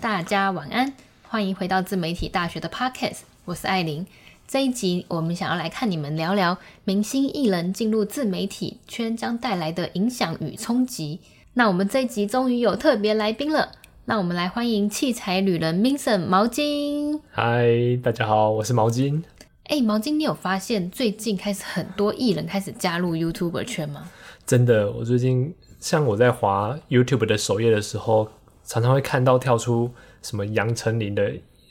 大家晚安，歡迎回到自媒體大學的 Podcast，我是艾琳。這一集我們想要來看你們聊聊明星藝人進入自媒體圈將帶來的影響與衝擊。那我們這一集終於有特別來賓了，那我們來歡迎器材旅人 Vincent 毛巾。Hi，大家好，我是毛巾。哎、欸，毛巾，你有發現最近開始很多藝人開始加入 YouTube 圈嗎？真的，我最近像我在滑 YouTube 的首頁的時候。常常會看到跳出什麼楊丞琳的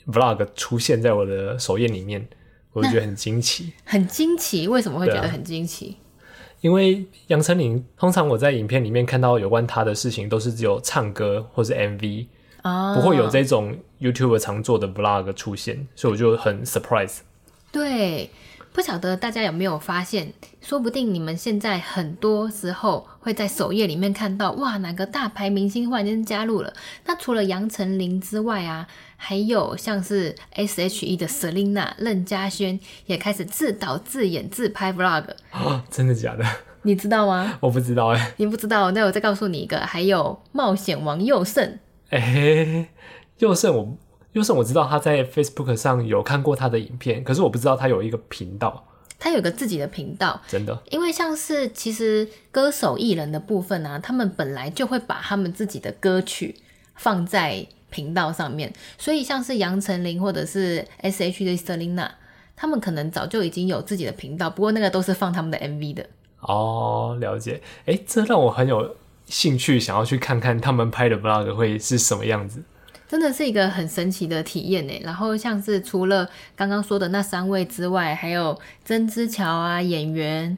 vlog 出現在我的首頁裡面，我就覺得很驚奇，很驚奇。為什麼會覺得很驚奇、啊？因為楊丞琳通常我在影片裡面看到有關他的事情都是只有唱歌或是 MV，、oh、不會有這種 YouTube 常做的 vlog 出現，所以我就很 surprise。對，不曉得大家有沒有發現，說不定你們現在很多時候。會在首頁裡面看到哇，哪個大牌明星忽然間加入了？那除了楊丞琳之外啊，還有像是 S.H.E 的 Selina、任家萱也開始自導自演自拍 Vlog 啊、哦，真的假的？你知道嗎？我不知道哎，你不知道？那我再告訴你一個，還有冒險王宥勝。哎、欸，宥勝我宥勝我知道他在 Facebook 上有看過他的影片，可是我不知道他有一個頻道。他有個自己的頻道，真的。因為像是其實歌手藝人的部分呢、啊，他們本來就會把他們自己的歌曲放在頻道上面，所以像是楊丞琳或者是 SH 的 Selina，他們可能早就已經有自己的頻道，不過那個都是放他們的 MV 的。哦，了解。誒、欸，這讓我很有興趣，想要去看看他們拍的 Vlog 會是什麼樣子。真的是一個很神奇的體驗呢。然後像是除了剛剛說的那三位之外，還有曾之喬啊，演員，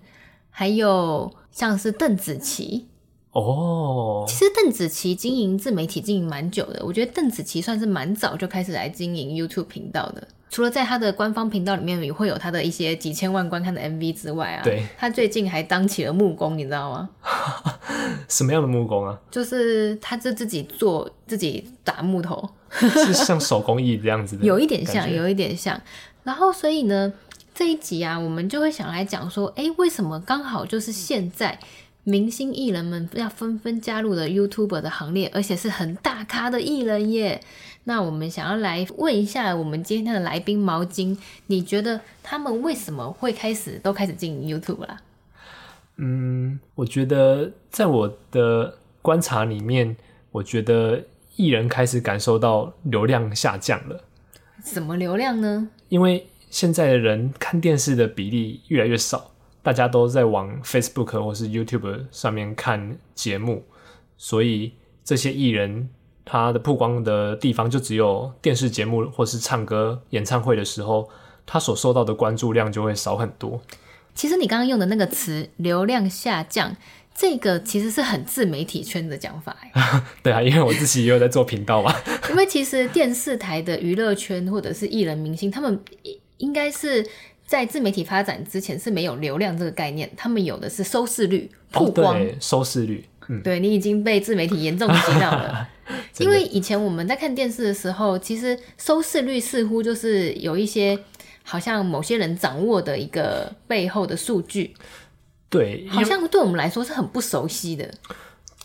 還有像是鄧紫棋哦。Oh. 其實鄧紫棋經營自媒體經營蠻久的，我覺得鄧紫棋算是蠻早就開始來經營 YouTube 頻道的。除了在他的官方頻道裡面也會有他的一些幾千萬觀看的 MV 之外啊，對，他最近還當起了木工，你知道嗎？ 什麼樣的木工啊？就是他就自己做自己打木頭， 是像手工藝這樣子的，有一點像，有一點像。 然後所以呢，這一集啊，我們就會想來講說，哎、欸，為什麼剛好就是現在明星藝人們要紛紛加入了 YouTuber 的行列，而且是很大咖的藝人耶。那我們想要來問一下我們今天的來賓毛巾，你覺得他們為什麼會開始都開始進 YouTube 了？嗯，我覺得在我的觀察裡面，我覺得藝人開始感受到流量下降了。什麼流量呢？因為現在的人看電視的比例越來越少，大家都在往 Facebook 或是 YouTube 上面看節目，所以這些藝人，他的曝光的地方就只有電視節目或是唱歌演唱會的時候，他所受到的關注量就會少很多。其實你剛剛用的那個詞“流量下降”這個其實是很自媒體圈的講法。 對啊，因為我自己也有在做頻道嘛。 因為其實電視台的娛樂圈或者是藝人明星，他們應該是在自媒體發展之前是沒有流量這個概念，他們有的是收視率曝光，哦、對，收視率。嗯、對，你已經被自媒體嚴重洗腦了。 因為以前我們在看電視的時候，其實收視率似乎就是有一些好像某些人掌握的一個背後的數據，對，好像對我們來說是很不熟悉的。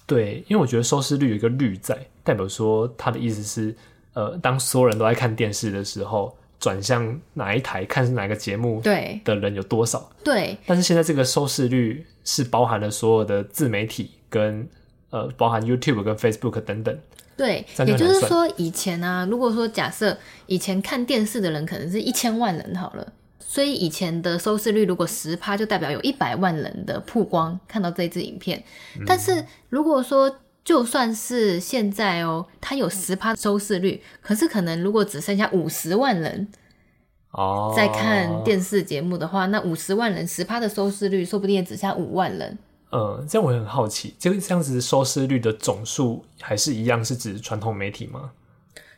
對，因為我覺得收視率有一個率在，代表說它的意思是，呃，當所有人都在看電視的時候，轉向哪一台看是哪個節目，對，的人有多少對，對。但是現在這個收視率是包含了所有的自媒體跟。呃，包含 YouTube 跟 Facebook 等等。對，就也就是說，以前啊，如果說假設以前看電視的人可能是一千萬人好了，所以以前的收視率如果十趴就代表有一百萬人的曝光看到這支影片。但是如果說，就算是現在哦、喔，它有十趴的收視率，可是可能如果只剩下五十萬人哦在看電視節目的話，哦、那五十萬人十趴的收視率，說不定也只剩下五萬人。呃，這樣我也很好奇，這個這樣子收視率的總數還是一樣是指傳統媒體嗎？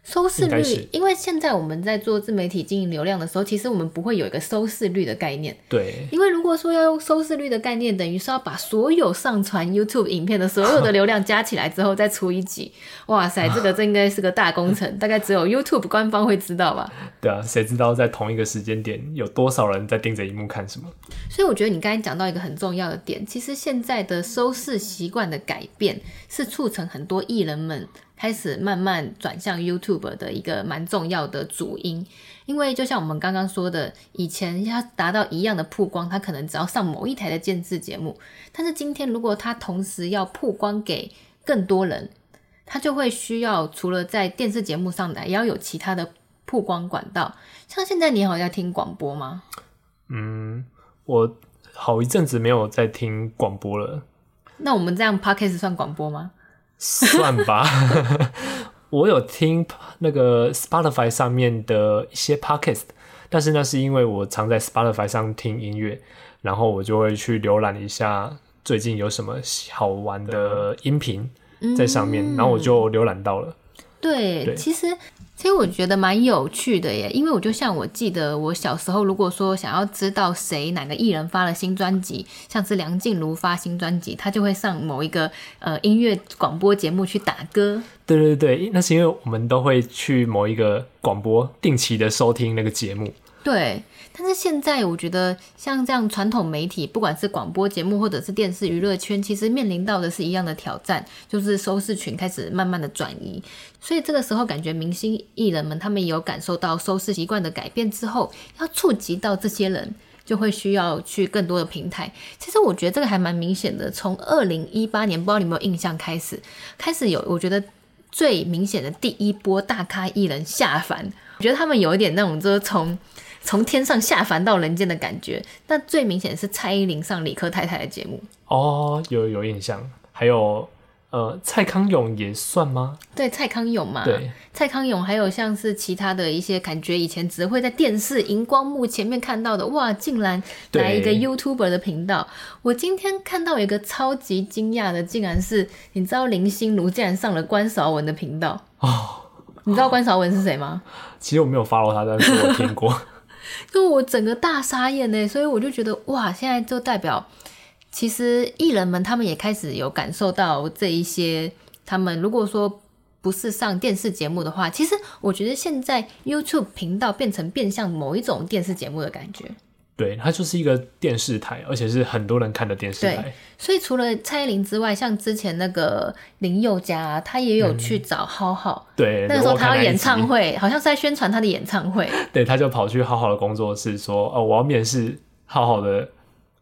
收視率，因為現在我們在做自媒體經營流量的時候，其實我們不會有一個收視率的概念。對，因為如果說要用收視率的概念，等於是要把所有上傳 YouTube 影片的所有的流量加起來之後再除以幾， 哇塞，這個這應該是個大工程， 大概只有 YouTube 官方會知道吧？對啊，誰知道在同一個時間點有多少人在盯着熒幕看什麼？所以我覺得你剛才講到一個很重要的點，其實現在的收視習慣的改變是促成很多藝人們，開始慢慢轉向 YouTube 的一個蠻重要的主因，因為就像我們剛剛說的，以前要達到一樣的曝光，他可能只要上某一台的電視節目，但是今天如果他同時要曝光給更多人，他就會需要除了在電視節目上來，也要有其他的曝光管道。像現在你好要聽廣播嗎？嗯，我好一陣子沒有在聽廣播了。那我們這樣 Podcast 算廣播嗎？ 算吧， 我有聽那個 Spotify 上面的一些 podcast，但是那是因為我常在 Spotify 上聽音樂，然後我就會去瀏覽一下最近有什麼好玩的音頻在上面，然後我就瀏覽到了。嗯對，對，其實其實我覺得蠻有趣的耶，因為我就像我記得我小時候，如果說想要知道誰哪個藝人發了新專輯，像是梁靜茹發新專輯，他就會上某一個呃音樂廣播節目去打歌。對對對，那是因為我們都會去某一個廣播定期的收聽那個節目。對。但是現在我覺得，像這樣傳統媒體，不管是廣播節目或者是電視、娛樂圈，其實面臨到的是一樣的挑戰，就是收視群開始慢慢的轉移。所以這個時候，感覺明星藝人們他們也有感受到收視習慣的改變之後，要觸及到這些人，就會需要去更多的平台。其實我覺得這個還蠻明顯的，從二零一八年不知道你有沒有印象開始，開始有我覺得最明顯的第一波大咖藝人下凡，我覺得他們有一點那種就是從。從天上下凡到人間的感覺，但最明顯是蔡依林上理科太太的節目哦，oh, 有有印象，還有呃，蔡康永也算嗎？對，蔡康永嘛，對，蔡康永，還有像是其他的一些感覺，以前只會在電視熒光幕前面看到的，哇，竟然來一個 YouTuber 的頻道。我今天看到一個超級驚訝的，竟然是你知道林心如竟然上了關韶文的頻道哦，oh. 你知道關韶文是誰嗎？其實我沒有 follow 他，但是我聽過。 就我整個大傻眼耶，所以我就覺得哇，現在就代表，其實藝人們他們也開始有感受到這一些，他們如果說不是上電視節目的話，其實我覺得現在 YouTube 頻道變成變相某一種電視節目的感覺。對，它就是一個電視台，而且是很多人看的電視台。對，所以除了蔡依林之外，像之前那個林宥嘉，啊，他也有去找 HowHow，嗯。對，那個時候他要演唱會，好像是在宣傳他的演唱會。對，他就跑去 HowHow 的工作室說：“哦，我要面試 HowHow 的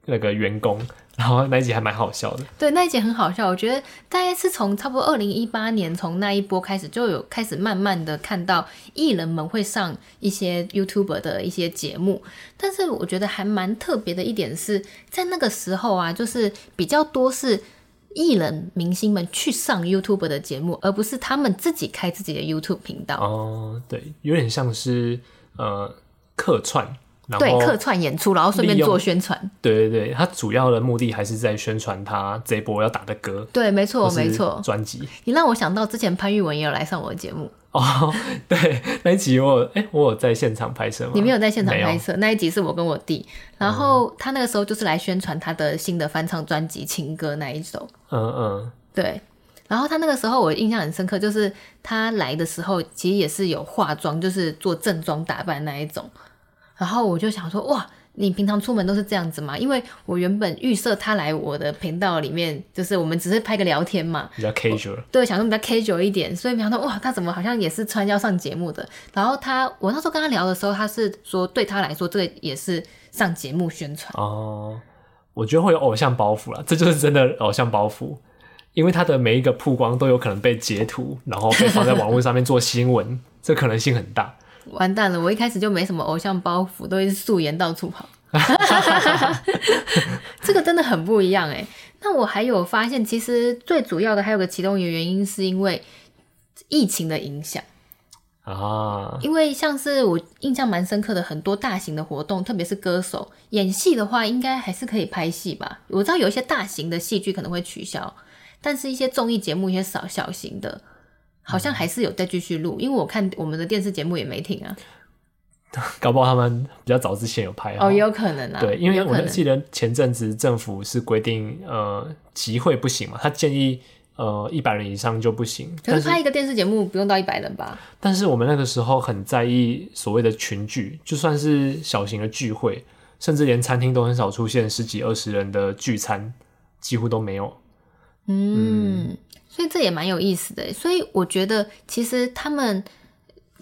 那個員工。”然後那一集還蠻好笑的，對，那一集很好笑。我覺得大概是從差不多二零一八年，從那一波開始，就有開始慢慢的看到藝人們會上一些 YouTube 的一些節目。但是我覺得還蠻特別的一點是在那個時候啊，就是比較多是藝人明星們去上 YouTube 的節目，而不是他們自己開自己的 YouTube 頻道。哦，對，有點像是，呃，客串。對，客串演出，然後順便做宣傳。對對對，他主要的目的還是在宣傳他這波要打的歌。對，沒錯沒錯，專輯。你讓我想到之前潘玉文也有來上我的節目哦。對，那一集我有哎我有在現場拍攝嗎？你沒有在現場拍攝，那一集是我跟我弟，然後他那個時候就是來宣傳他的新的翻唱專輯《情歌》那一首。嗯嗯，對。然後他那個時候我印象很深刻，就是他來的時候其實也是有化妝，就是做正裝打扮那一種。然後我就想說，哇，你平常出門都是這樣子嗎？因為我原本預設他來我的頻道裡面，就是我們只是拍個聊天嘛，比較 casual。對，想說比較 casual 一點。所以沒想到，哇，他怎麼好像也是穿要上節目的？然後他，我那時候跟他聊的時候，他是說，對他來說，這個也是上節目宣傳。哦、呃，我覺得會有偶像包袱了，這就是真的偶像包袱。因為他的每一個曝光都有可能被截圖，然後被放在網絡上面做新聞， 這可能性很大。完蛋了！我一開始就沒什麼偶像包袱，都是素顏到處跑。 這個真的很不一樣哎。那我還有發現，其實最主要的還有個其中一個原因，是因為疫情的影響啊。因為像是我印象蠻深刻的，很多大型的活動，特別是歌手演戲的話，應該還是可以拍戲吧？我知道有一些大型的戲劇可能會取消，但是一些綜藝節目，一些小小型的。好像還是有在繼續錄，因為我看我們的電視節目也沒停啊。搞不好他們比較早之前有拍好哦，也有可能啊。對，因為我記得前陣子政府是規定，呃，集會不行嘛，他建議呃一百人以上就不行。可能拍一個電視節目不用到一百人吧，但。但是我們那個時候很在意所謂的群聚，就算是小型的聚會，甚至連餐廳都很少出現十幾二十人的聚餐，幾乎都沒有。嗯。嗯所以這也蠻有意思的，所以我覺得其實他們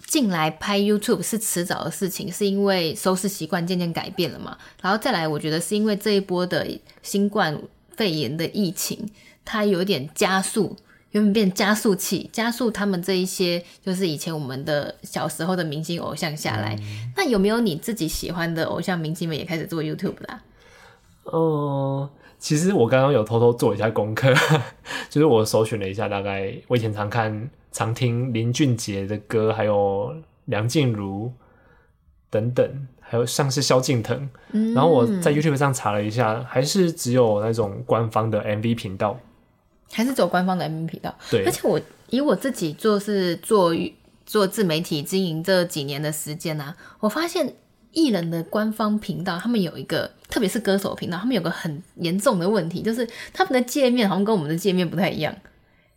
進來拍 YouTube 是遲早的事情，是因為收視習慣漸漸改變了嘛。然後再來，我覺得是因為這一波的新冠肺炎的疫情，它有點加速，有點變加速器，加速他們這一些就是以前我們的小時候的明星偶像下來。嗯。那有沒有你自己喜歡的偶像明星們也開始做 YouTube 啦？哦。其實我剛剛有偷偷做一下功課，就是我搜尋了一下，大概我以前常看、常聽林俊傑的歌，還有梁靜茹等等，還有像是蕭敬騰。然後我在 YouTube 上查了一下，還是只有那種官方的 MV 頻道，還是走官方的 MV 頻道。對，而且我以我自己做是做做自媒體經營這幾年的時間呢、啊，我發現。藝人的官方頻道，他們有一個，特別是歌手頻道，他們有個很嚴重的問題，就是他們的界面好像跟我們的界面不太一樣。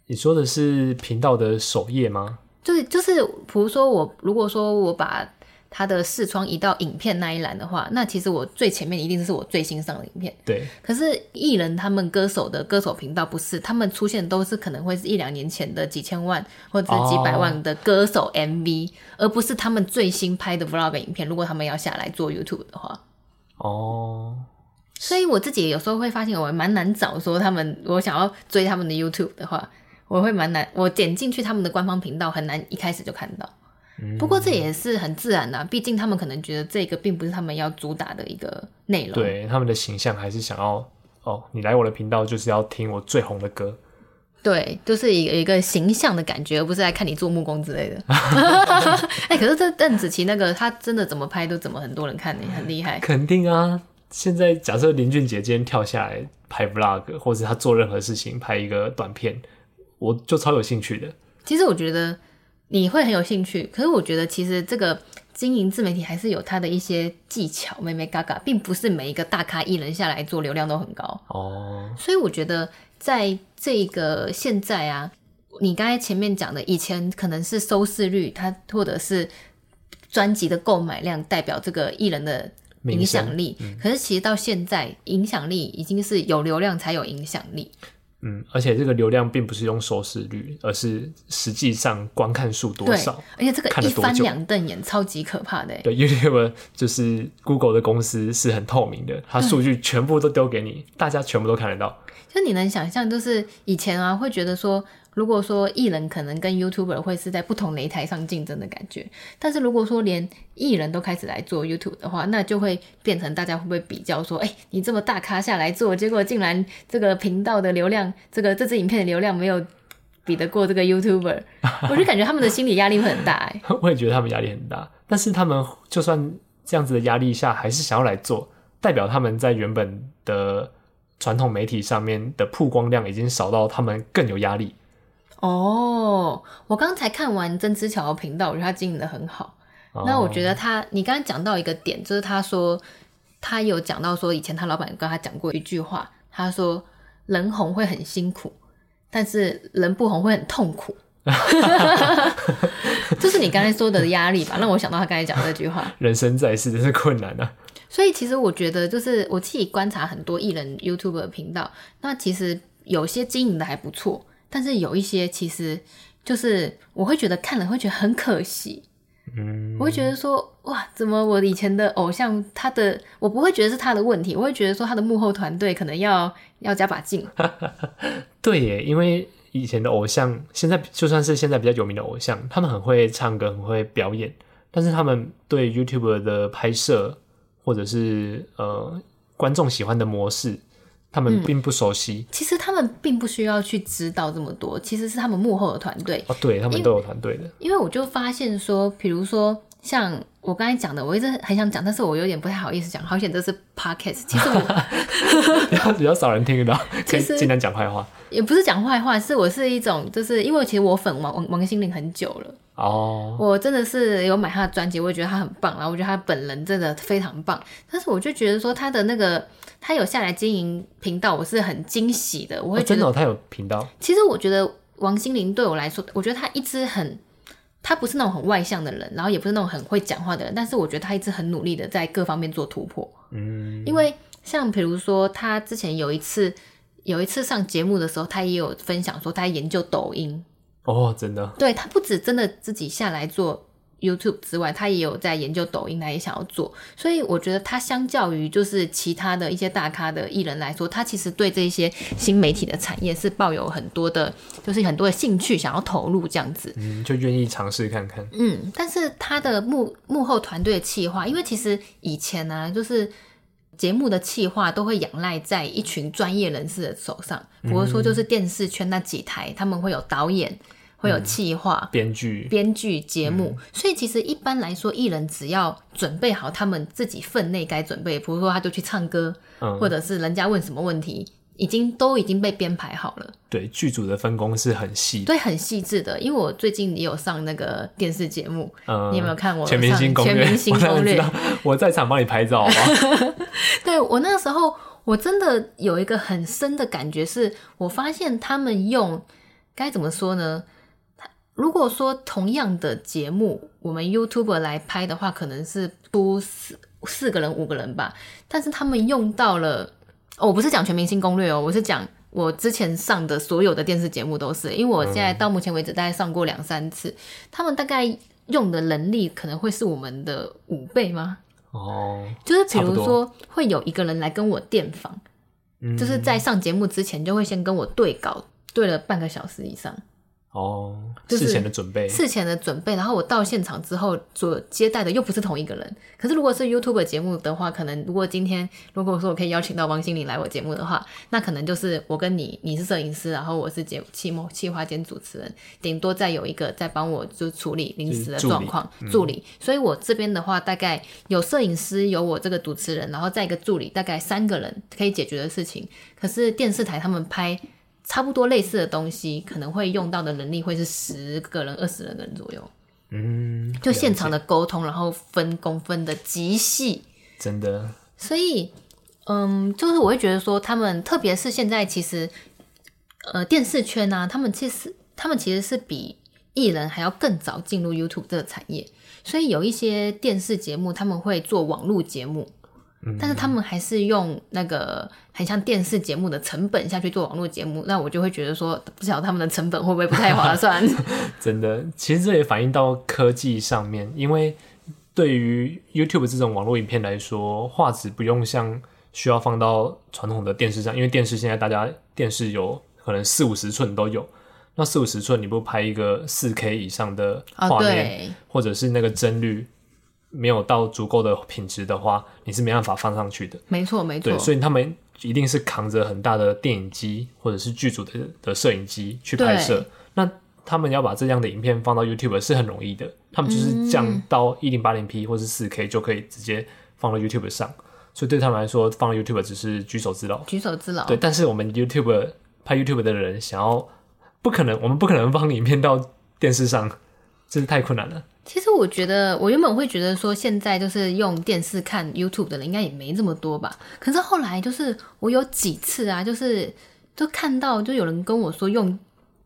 你說的是頻道的首頁嗎？就是，就是，比如說我，如果說我把。他的視窗移到影片那一欄的話，那其實我最前面一定是我最新上的影片。對。可是藝人他們歌手的歌手頻道不是，他們出現都是可能會是一兩年前的幾千萬或者幾百萬的歌手 MV，oh. 而不是他們最新拍的 Vlog 影片。如果他們要下來做 YouTube 的話，哦、oh.。所以我自己有時候會發現，我蠻難找說他們，我想要追他們的 YouTube 的話，我會蠻難，我點進去他們的官方頻道很難一開始就看到。不過這也是很自然的、啊，畢竟他們可能覺得這個並不是他們要主打的一個內容。對，他們的形象還是想要哦，你來我的頻道就是要聽我最紅的歌。對，就是一個形象的感覺，而不是來看你做木工之類的。哎、 欸，可是這鄧紫棋那個，他真的怎麼拍都怎麼很多人看，你很厲害。肯定啊，現在假設林俊杰今天跳下來拍 Vlog，或者他做任何事情拍一個短片，我就超有興趣的。其實我覺得。你會很有興趣，可是我覺得其實這個經營自媒體還是有它的一些技巧，妹妹嘎嘎，並不是每一個大咖藝人下來做流量都很高哦。Oh. 所以我覺得在這個現在啊，你剛才前面講的以前可能是收視率，它或者是專輯的購買量代表這個藝人的影響力，嗯，可是其實到現在影響力已經是有流量才有影響力。嗯，而且這個流量並不是用收視率，而是實際上觀看數多少。而且這個看了多久？一翻兩瞪眼，超級可怕的。對，因為就是 Google 的公司是很透明的，它數據全部都丟給你、嗯，大家全部都看得到。就你能想象，就是以前啊，會覺得說。如果說藝人可能跟 YouTuber 會是在不同擂台上競爭的感覺，但是如果說連藝人都開始來做 YouTube 的話，那就會變成大家會不會比較說，哎、欸，你這麼大咖下來做，結果竟然這個頻道的流量，這個這支影片的流量沒有比得過這個 YouTuber， 我就感覺他們的心理壓力會很大欸。 我也覺得他們壓力很大，但是他們就算這樣子的壓力下，還是想要來做，代表他們在原本的傳統媒體上面的曝光量已經少到他們更有壓力。哦、oh，我剛才看完曾之喬的頻道，我覺得他經營的很好。Oh. 那我覺得他，你剛剛講到一個點，就是他說他有講到說，以前他老板跟他講過一句話，他說人紅會很辛苦，但是人不紅會很痛苦。這 是你剛才說的壓力吧？ 讓我想到他剛才講這句話： 人生在世真是困難啊。所以其實我覺得，就是我自己觀察很多藝人 YouTube 的頻道，那其實有些經營的還不錯。但是有一些其實，就是我會覺得看了會覺得很可惜，嗯，我會覺得說哇，怎麼我以前的偶像他的，我不會覺得是他的問題，我會覺得說他的幕後團隊可能要要加把勁。 對耶，因為以前的偶像，現在就算是現在比較有名的偶像，他們很會唱歌，很會表演，但是他們對 YouTube 的拍攝或者是呃觀眾喜歡的模式。他們並不熟悉。嗯，其實他們並不需要去知道這麼多，其實是他們幕後的團隊哦，對，他們都有團隊的因。因為我就發現說，比如說像我剛才講的，我一直很想講，但是我有點不太好意思講，好險這是 Podcast，其實比較 比較少人聽得到，可以經常講壞話，也不是講壞話，是我是一種，就是因為其實我粉王王王心凌很久了。哦、oh.，我真的是有買他的專輯，我也覺得他很棒，然後我覺得他本人真的非常棒。但是我就覺得說他的那個，他有下來經營頻道，我是很驚喜的。我覺得、oh, 真的，哦，他有頻道。其實我覺得王心凌對我來說，我覺得他一直很，他不是那種很外向的人，然後也不是那種很會講話的人。但是我覺得他一直很努力的在各方面做突破。嗯、mm.，因為像比如說他之前有一次有一次上節目的時候，他也有分享說他在研究抖音。哦、oh,，真的。對，他不止真的自己下來做 YouTube 之外，他也有在研究抖音，他也想要做。所以我覺得他相較於就是其他的一些大咖的藝人來說，他其實對這些新媒體的產業是抱有很多的，就是很多的興趣，想要投入這樣子，嗯，就願意嘗試看看，嗯。但是他的幕幕後團隊的企劃，因為其實以前呢、啊，就是節目的企劃都會仰賴在一群專業人士的手上，比如說就是電視圈那幾台，嗯、他們會有導演。會有企劃，編劇、嗯、編劇、編劇節目，所以其實一般來說，藝人只要準備好他們自己分內該準備，比如說他就去唱歌、嗯，或者是人家問什麼問題，已經都已經被編排好了。對，劇組的分工是很細，對，很細緻的。因為我最近也有上那個電視節目、嗯，你有沒有看我《全明星攻略》？全明星攻略，我，我在場幫你拍照好不好。 對，我那個時候，我真的有一個很深的感覺是，是我發現他們用該怎麼說呢？如果說同樣的節目，我們 YouTuber 來拍的話，可能是出四四個人、五個人吧。但是他們用到了、哦，我不是講全明星攻略哦，我是講我之前上的所有的電視節目都是，因為我現在到目前為止大概上過兩三次，嗯、他們大概用的人力可能會是我們的五倍嗎？哦，就是比如說會有一個人來跟我電訪、嗯，就是在上節目之前就會先跟我對稿，對了半個小時以上。哦、oh，事前的準備，就是、事前的準備。然後我到現場之後所接待的又不是同一個人。可是如果是 YouTube 節目的話，可能如果今天如果說我可以邀請到王心凌來我節目的話，那可能就是我跟你，你是攝影師，然後我是企劃、企劃兼主持人，頂多再有一個在幫我就處理臨時的狀況助理、助理、嗯。所以我這邊的話，大概有攝影師，有我這個主持人，然後再一個助理，大概三個人可以解決的事情。可是電視台他們拍。差不多類似的東西，可能會用到的人力會是十個人、二十個人左右。嗯，就現場的溝通，然後分工分的極細。真的。所以，嗯，就是我會覺得說，他們特別是現在，其實，呃，電視圈呢、啊，他們其實他們其實是比藝人還要更早進入 YouTube 這個產業。所以有一些電視節目，他們會做網絡節目。但是他們還是用那個很像電視節目的成本下去做網絡節目，那我就會覺得說，不曉得他們的成本會不會不太划算。 真的，其實這也反映到科技上面，因為對於 YouTube 這種網絡影片來說，畫質不用像需要放到傳統的電視上，因為電視現在大家電視有可能四五十寸都有，那四五十寸你不拍一個四 K 以上的畫面，啊，對，或者是那個幀率。沒有到足夠的品質的話，你是沒辦法放上去的。沒錯，沒錯。對，所以他們一定是扛着很大的電影機或者是劇組的的攝影機去拍攝。那他們要把這樣的影片放到 YouTube 是很容易的，他們就是降到一零八零 P 或者是四 K 就可以直接放到 YouTube 上。嗯。所以對他們來說，放到 YouTube 只是舉手之勞。舉手之勞。對，但是我們 YouTube 拍 YouTube 的人想要不可能，我們不可能放影片到電視上，真是太困難了。其實我覺得，我原本會覺得說，現在就是用電視看 YouTube 的人應該也沒這麼多吧。可是後來就是我有幾次啊，就是就看到就有人跟我說用。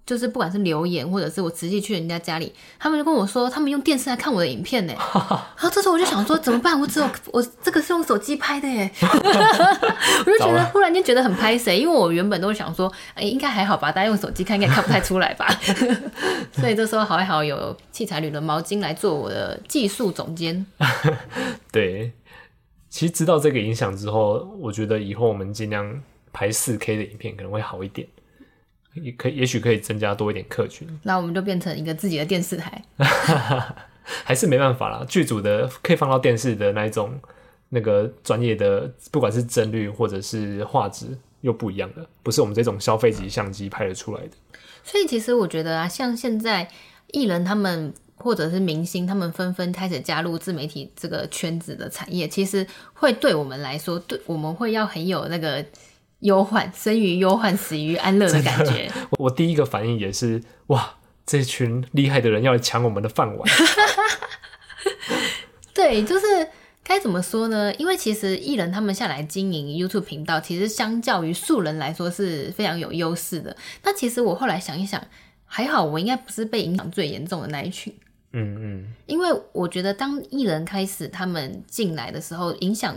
就是不管是留言，或者是我直接去人家家裡，他們就跟我說，他們用電視來看我的影片呢。然、啊、後、啊、這時候我就想說，怎麼辦？我只有我這個是用手機拍的耶。 我就覺得忽然間覺得很拍謝，因為我原本都想說，哎、欸，應該還好吧，大家用手機看應該看不太出來吧。 所以這時候好還好有器材旅人的 Vincent 來做我的技術總監。對，其實知道這個影響之後，我覺得以後我們盡量拍四 K 的影片可能會好一點。也可以，也許可以增加多一點客群。那我們就變成一個自己的電視台， 還是沒辦法啦。劇組的可以放到電視的那一種，那個專業的，不管是幀率或者是畫質，又不一樣了，不是我們這種消費級相機拍得出來的。嗯，所以其實我覺得啊，像現在藝人他們或者是明星他們紛紛開始加入自媒體這個圈子的產業，其實會對我們來說，對我們會要很有那個。憂患生於憂患，死於安樂的感覺。真的，我第一個反應也是，哇，這群厲害的人要搶我們的飯碗。 對，就是該怎麼說呢？因為其實藝人他們下來經營 YouTube 頻道，其實相較於素人來說是非常有優勢的。那其實我後來想一想，還好我應該不是被影響最嚴重的那一群。嗯嗯。因為我覺得當藝人開始他們進來的時候，影響。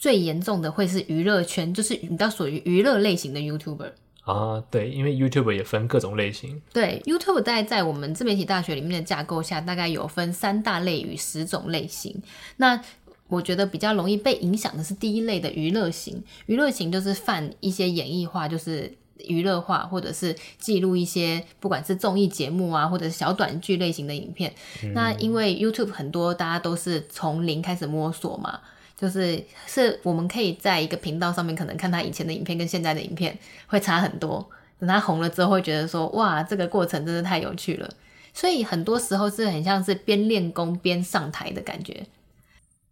最嚴重的會是娛樂圈，就是比較屬於娛樂類型的 YouTuber 啊，對，因為 YouTube 也分各種類型。對，YouTube 在在我們自媒體大學裡面的架構下，大概有分三大類與十種類型。那我覺得比較容易被影響的是第一類的娛樂型，娛樂型就是放一些演藝化，就是娛樂化，或者是記錄一些不管是綜藝節目啊，或者是小短劇類型的影片。嗯。那因為 YouTube 很多大家都是從零開始摸索嘛。就是是我們可以在一個頻道上面，可能看他以前的影片跟現在的影片會差很多。等他紅了之後，會覺得說哇，這個過程真的太有趣了。所以很多時候是很像是邊練功邊上台的感覺。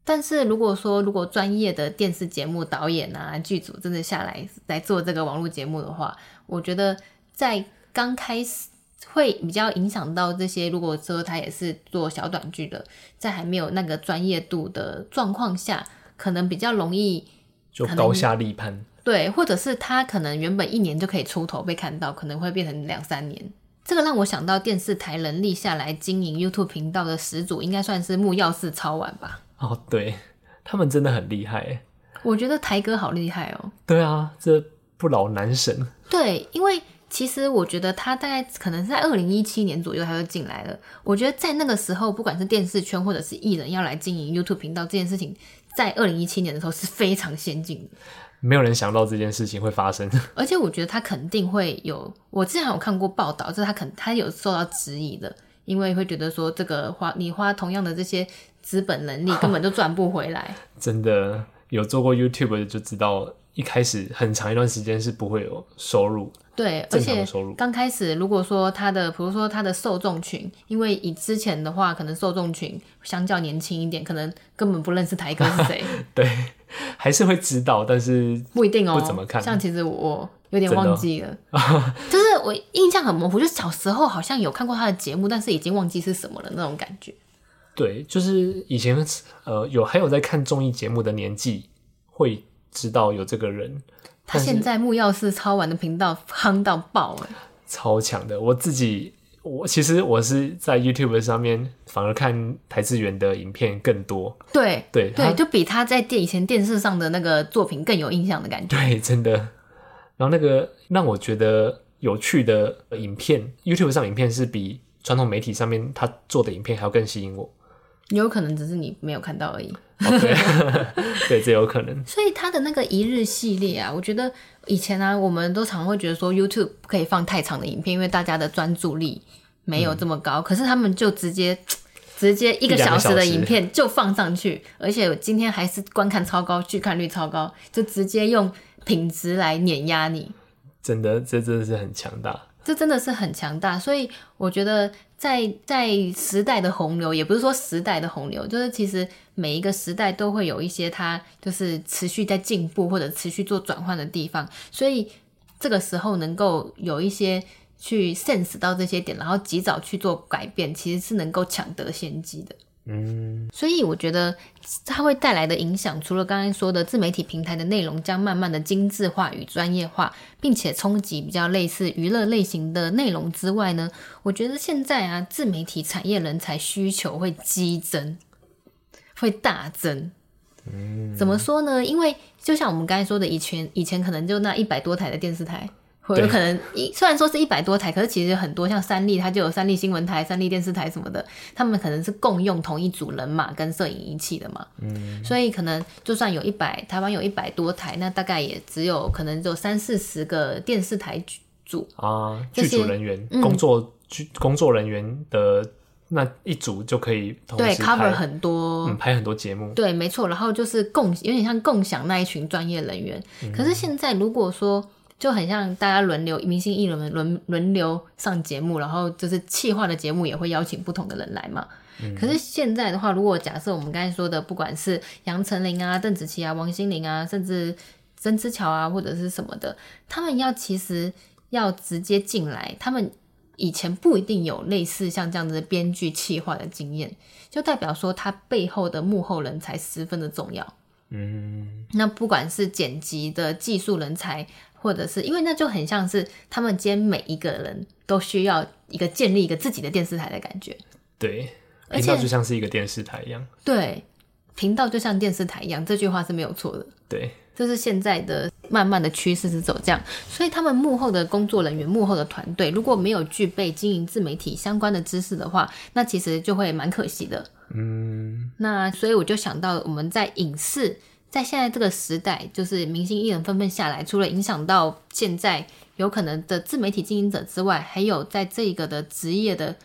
但是如果說，如果專業的電視節目導演啊、劇組真的下來來做這個網絡節目的話，我覺得在剛開始會比較影響到這些。如果說他也是做小短劇的，在還沒有那個專業度的狀況下。可能比較容易就高下立判，對，或者是他可能原本一年就可以出頭被看到，可能會變成兩三年。這個讓我想到電視台能力下來經營 YouTube 頻道的始祖，應該算是木曜四超玩吧？哦，對，他們真的很厲害。我覺得邰哥好厲害哦。對啊，這不老男神。對，因為其實我覺得他大概可能是在二零一七年左右他就進來了。我覺得在那個時候，不管是電視圈或者是藝人要來經營 YouTube 頻道這件事情。在二零一七年的時候是非常先進的，沒有人想到這件事情會發生。而且我覺得他肯定會有，我之前還有看過報道，就是他肯他有受到質疑的，因為會覺得說，這個花你花同樣的這些資本能力，根本就賺不回來。啊，真的有做過 YouTube 的就知道，一開始很長一段時間是不會有收入。對，而且剛開始，如果說他的，比如說他的受眾群，因為以之前的話，可能受眾群相較年輕一點，可能根本不認識台哥是誰。 對，還是會知道，但是不，不一定哦。不怎麼看。像其實我，我有點忘記了， 就是我印象很模糊，就是、小時候好像有看過他的節目，但是已經忘記是什麼了那種感覺。對，就是以前呃有還有在看綜藝節目的年紀，會知道有這個人。他現在木曜4超玩的頻道夯到爆了，超強的。我自己，我其實我是在 YouTube 上面反而看邰智源的影片更多。對對對，就比他在電以前電視上的那個作品更有印象的感覺。對，真的。然後那個讓我覺得有趣的影片，YouTube 上影片是比傳統媒體上面他做的影片還要更吸引我。有可能只是你沒有看到而已， okay, 對，這有可能。所以他的那個一日系列啊，我覺得以前呢、啊，我們都常會覺得說 YouTube 不可以放太長的影片，因為大家的專注力沒有這麼高。嗯、可是他們就直接直接一個小時的影片就放上去，而且我今天還是觀看超高，觀看率超高，就直接用品質來碾壓你。真的，這真的是很強大。這真的是很強大，所以我覺得。在在時代的洪流，也不是說時代的洪流，就是其實每一個時代都會有一些他就是持續在進步或者持續做轉換的地方，所以這個時候能夠有一些去 sense 到這些點，然後及早去做改變，其實是能夠搶得先機的。嗯，所以我覺得它會帶來的影響，除了剛才說的自媒體平台的內容將慢慢的精緻化與專業化，並且衝擊比較類似娛樂類型的內容之外呢，我覺得現在啊，自媒體產業人才需求會激增，會大增。嗯，怎麼說呢？因為就像我們剛才說的，以前以前可能就那一百多台的電視台。有可能一雖然說是一百多台，可是其實很多像三立，它就有三立新聞台、三立電視台什麼的，他們可能是共用同一組人馬跟攝影儀器的嘛。嗯，所以可能就算有一百，台灣有一百多台，那大概也只有可能只有三四十個電視台組，啊，劇、就是、組人員、嗯、工作工作人員的那一組就可以同時對 cover 很多，嗯，拍很多節目，對，沒錯。然後就是共有點像共享那一群專業人員、嗯。可是現在如果說。就很像大家輪流明星藝人們輪輪流上節目，然後就是企劃的節目也會邀請不同的人來嘛。嗯、可是現在的話，如果假設我們剛才說的，不管是楊丞琳啊、鄧紫棋啊、王心凌啊，甚至曾之喬啊或者是什麼的，他們要其實要直接進來，他們以前不一定有類似像這樣子的編劇企劃的經驗，就代表說他背後的幕後人才十分的重要。嗯，那不管是剪輯的技術人才。或者是因為那就很像是他們，間每一個人都需要一個建立一個自己的電視台的感覺，對，而且，頻道就像是一個電視台一樣，對，頻道就像電視台一樣，這句話是沒有錯的，對，就是現在的慢慢的趨勢是走這樣，所以他們幕後的工作人員、幕後的團隊，如果沒有具備經營自媒體相關的知識的話，那其實就會蠻可惜的，嗯，那所以我就想到我們在影視。在現在這個時代，就是明星藝人紛紛下來，除了影響到現在有可能的自媒體經營者之外，還有在這個的職業的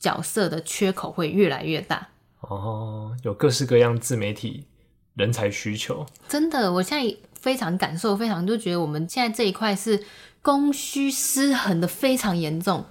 角色的缺口會越來越大。哦，有各式各樣自媒體人才需求。真的，我現在非常感受，非常就覺得我們現在這一塊是供需失衡得非常嚴重。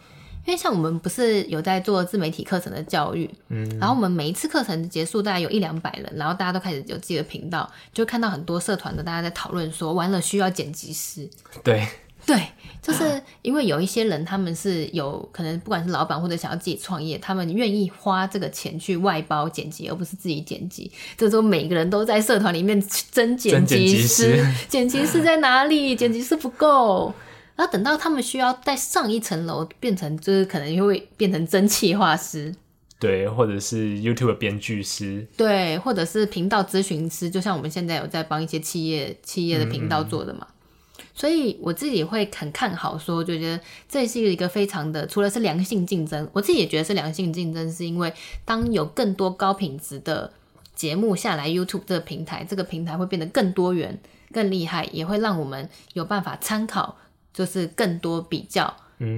因為像我們不是有在做自媒體課程的教育，嗯，然後我們每一次課程結束，大概有一兩百人，然後大家都開始有自己的頻道，就看到很多社團的大家在討論說，完了，需要剪輯師。對，對，就是因為有一些人他們是有、啊、可能，不管是老闆或者想要自己創業，他們願意花這個錢去外包剪輯，而不是自己剪輯。這時候每個人都在社團裡面爭剪輯師，師，剪輯師在哪裡？ 剪輯師不夠。然後等到他們需要再上一層樓，變成就是可能又會變成蒸汽化師，對，或者是 YouTube 的編劇師，對，或者是頻道諮詢師，就像我們現在有在幫一些企業企業的頻道做的嘛。嗯嗯。所以我自己會很看好說，說就覺得這是一個一個非常的，除了是良性競爭，我自己也覺得是良性競爭，是因為當有更多高品質的節目下來 YouTube 這個平台，這個平台會變得更多元、更厲害，也會讓我們有辦法參考。就是更多比較，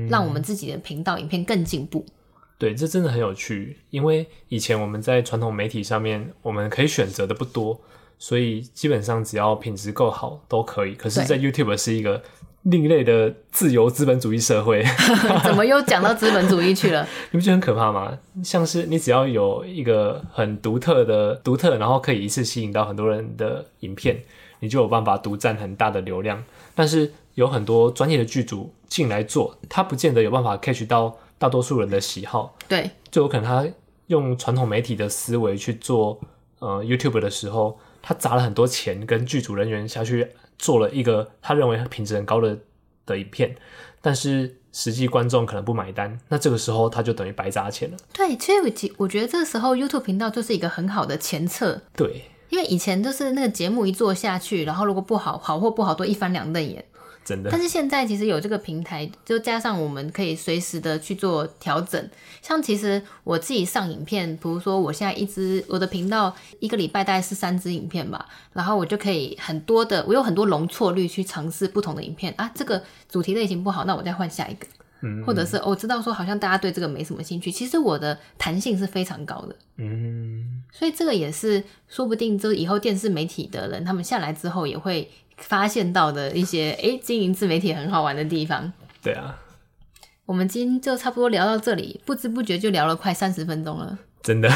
讓我們自己的頻道影片更進步。嗯。對，這真的很有趣，因為以前我們在傳統媒體上面，我們可以選擇的不多，所以基本上只要品質夠好都可以。可是，在 YouTube 是一個另一類的自由資本主義社會， 怎麼又講到資本主義去了？ 你不覺得很可怕嗎？像是你只要有一個很獨特的、獨特，然後可以一次吸引到很多人的影片，你就有辦法獨佔很大的流量，但是。有很多專業的劇組進來做，他不見得有辦法 catch 到大多數人的喜好。對，就有可能他用傳統媒體的思維去做，呃，YouTube 的時候，他砸了很多錢跟劇組人員下去做了一個他認為品質很高的的影片，但是實際觀眾可能不買單，那這個時候他就等於白砸錢了。對，其實我覺我覺得這個時候 YouTube 頻道就是一個很好的前測。對，因為以前就是那個節目一做下去，然後如果不好，好或不好都一翻兩瞪眼。但是現在其實有這個平台，就加上我們可以隨時的去做調整。像其實我自己上影片，比如說我現在一支我的頻道一個禮拜大概是三支影片吧，然後我就可以很多的，我有很多容錯率去嘗試不同的影片啊。這個主題類型不好，那我再換下一個，嗯嗯，或者是我知道說好像大家對這個沒什麼興趣，其實我的彈性是非常高的。嗯，所以這個也是說不定就以後電視媒體的人他們下來之後也會。發現到的一些哎、欸，經營自媒體很好玩的地方。對啊，我們今天就差不多聊到這裡，不知不覺就聊了快三十分鐘了。真的，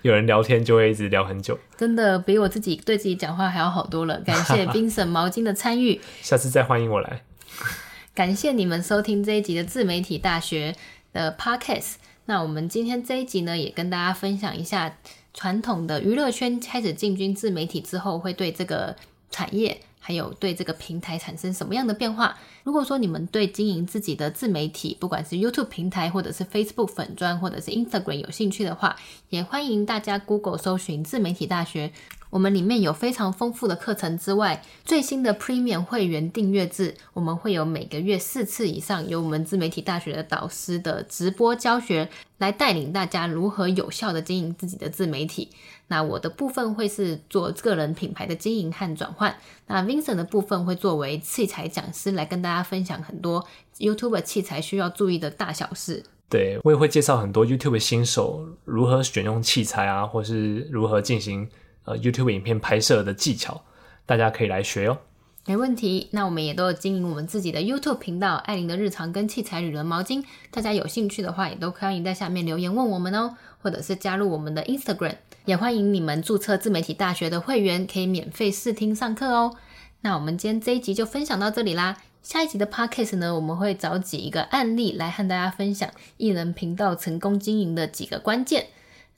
有人聊天就會一直聊很久，真的比我自己對自己講話還要好多了。感謝 Vincent 毛巾的參與， 下次再歡迎我來。 感謝你們收聽這一集的自媒體大學的 Podcast。那我們今天這一集呢，也跟大家分享一下傳統的娛樂圈開始進軍自媒體之後，會對這個產業。還有對這個平台產生什麼樣的變化？如果說你們對經營自己的自媒體，不管是 YouTube 平台，或者是 Facebook 粉專，或者是 Instagram 有興趣的話，也歡迎大家 Google 搜尋自媒體大學。我們裡面有非常豐富的課程之外，最新的 Premium 會員訂閱制，我們會有每個月四次以上由我們自媒體大學的導師的直播教學，來帶領大家如何有效的經營自己的自媒體。那我的部分會是做個人品牌的經營和轉換。那 Vincent 的部分會作為器材講師來跟大家分享很多 YouTube 器材需要注意的大小事。對，我也會介紹很多 YouTube 新手如何選用器材啊，或是如何進行。呃，YouTube 影片拍攝的技巧，大家可以來學哦。沒問題，那我們也都有經營我們自己的 YouTube 頻道“艾琳的日常”跟“器材旅人毛巾”。大家有興趣的話，也都可以在下面留言問我們哦，或者是加入我們的 Instagram，也歡迎你們註冊自媒體大學的會員，可以免費試聽上課哦。那我們今天這一集就分享到這裡啦。下一集的 Podcast 呢，我們會找幾個案例來和大家分享藝人頻道成功經營的幾個關鍵。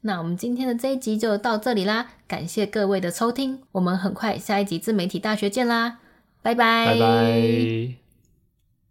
那我們今天的這一集就到這裡啦，感謝各位的收聽，我們很快下一集自媒體大學見啦，拜拜。拜拜。